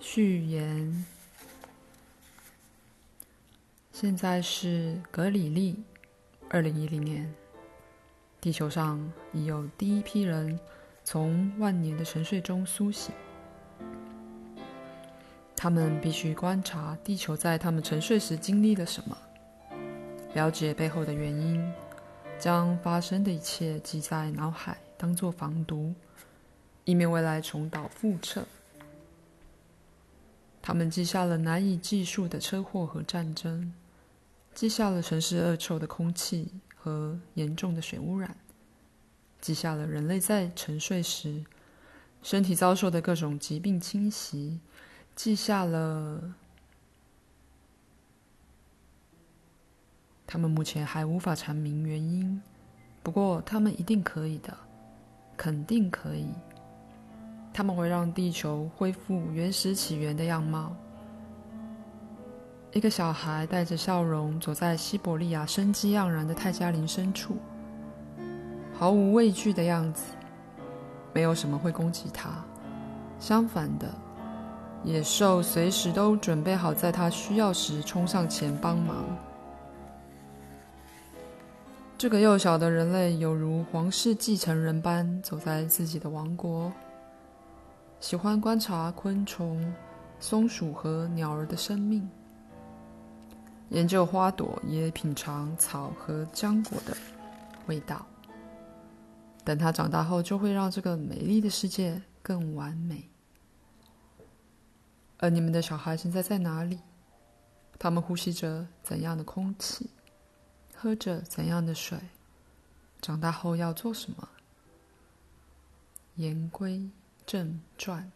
序言。現在是格里曆二零一零年，地球上已有第一批人從萬年的沉睡中甦醒。他們必須觀察地球在他們沉睡時經歷了什麼，了解背後的原因，將發生的一切記在腦海，當做防毒，以免未來重蹈覆轍。他們記下了難以計數的車禍和戰爭，記下了城市惡臭的空氣和嚴重的水污染，記下了人類在沉睡時身體遭受的各種疾病侵襲，記下了……他們目前還無法查明原因，不過他們一定可以的，肯定可以。他們會讓地球恢復原始起源的樣貌。一個小孩帶着笑容走在西伯利亞生機盎然的泰加林深處，毫無畏懼的樣子，沒有什麼會攻擊他。相反的，野獸隨時都準備好在他需要時衝上前幫忙。這個幼小的人類有如皇室繼承人般走在自己的王國。喜歡觀察昆蟲、松鼠和鳥兒的生命，研究花朵，也品嘗草和漿果的味道。等它長大後，就會讓這個美麗的世界更完美。而你們的小孩現在在哪裡？他們呼吸着怎樣的空氣？喝着怎樣的水？長大後要做什麼？言歸。正傳。